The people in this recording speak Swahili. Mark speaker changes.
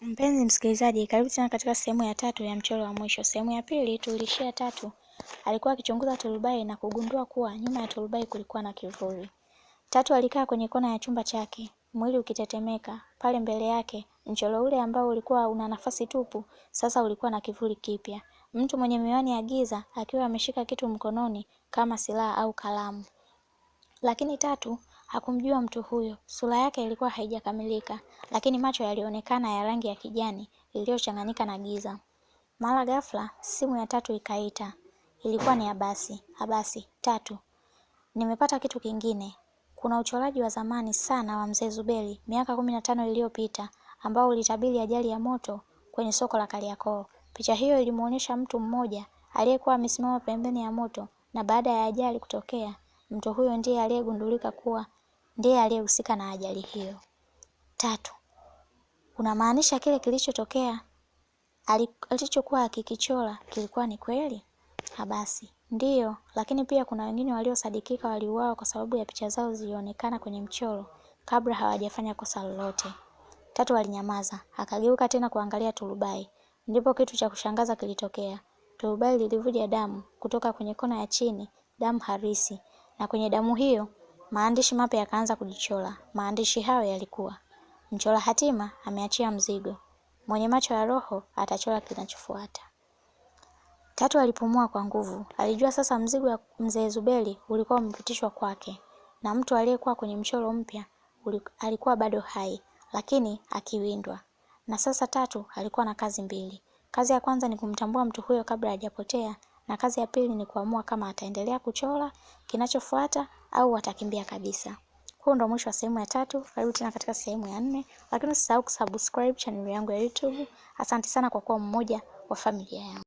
Speaker 1: Mpenzi msikilizaji, karibu tena katika sehemu ya tatu ya mchoro wa mwisho. Sehemu ya pili tulishia Tatu alikuwa akichunguza turubai na kugundua kuwa nyuma ya turubai kulikuwa na kivuli. Tatu alikaa kwenye kona ya chumba chake, mwili ukitetemeka. Pale mbele yake mchoro ule ambao ulikuwa una nafasi tupu sasa ulikuwa na kivuli kipya, mtu mwenye miwani ya giza akiwa ameshika kitu mkononi kama silaha au kalamu, lakini Tatu Hakumjua mtu huyo, sura yake ilikuwa haijakamilika, lakini macho yalionekana ya rangi ya kijani iliyochanganyika na giza. Mara ghafla simu ya tatu ikaita. Ilikuwa ni Abasi. Abasi tatu, nimepata kitu kingine. Kuna uchoraji wa zamani sana wa mzee Zuberi miaka kumi na tano iliyopita ambao ulitabiri ajali ya moto kwenye soko la Kariakoo. Picha hiyo ilimuonyesha mtu mmoja aliyekuwa amesimama pembeni ya moto na baada ya ajali kutokea Mtu huyo ndiye aliyegundulika kuwa ndiye aliyehusika na ajali hiyo. Tatu, unamaanisha kile kilichotokea alichokuwa akikichora kilikuwa ni kweli? Habasi, ndiyo, lakini pia kuna wengine waliosadikika waliuawa kwa sababu ya picha zao zilionekana kwenye mchoro kabla hawajafanya kosa lolote. Tatu alinyamaza, akageuka tena kuangalia turubai. Ndipo kitu cha kushangaza kilitokea. Turubai lilivuja damu kutoka kwenye kona ya chini, damu harisi na kwenye damu hiyo maandishi mapya yakaanza kujichora. Maandishi hayo yalikuwa: mchora hatima ameachia mzigo, mwenye macho ya roho atachora kinachofuata. Tatu alipumua kwa nguvu. Alijua sasa mzigo wa mzee Zuberi ulikuwa umepitishwa kwake, na mtu aliyekuwa kwenye mchoro mpya alikuwa bado hai, lakini akiwindwa. Na sasa Tatu alikuwa na kazi mbili. Kazi ya kwanza ni kumtambua mtu huyo kabla hajapotea, na kazi ya pili ni kuamua kama ataendelea kuchora kinachofuata au atakimbia kabisa. Huu ndo mwisho wa sehemu ya tatu. Karibu tena katika sehemu ya nne, lakini usisahau kusubscribe chaneli yangu ya YouTube. Asante sana kwa kuwa mmoja wa familia yangu.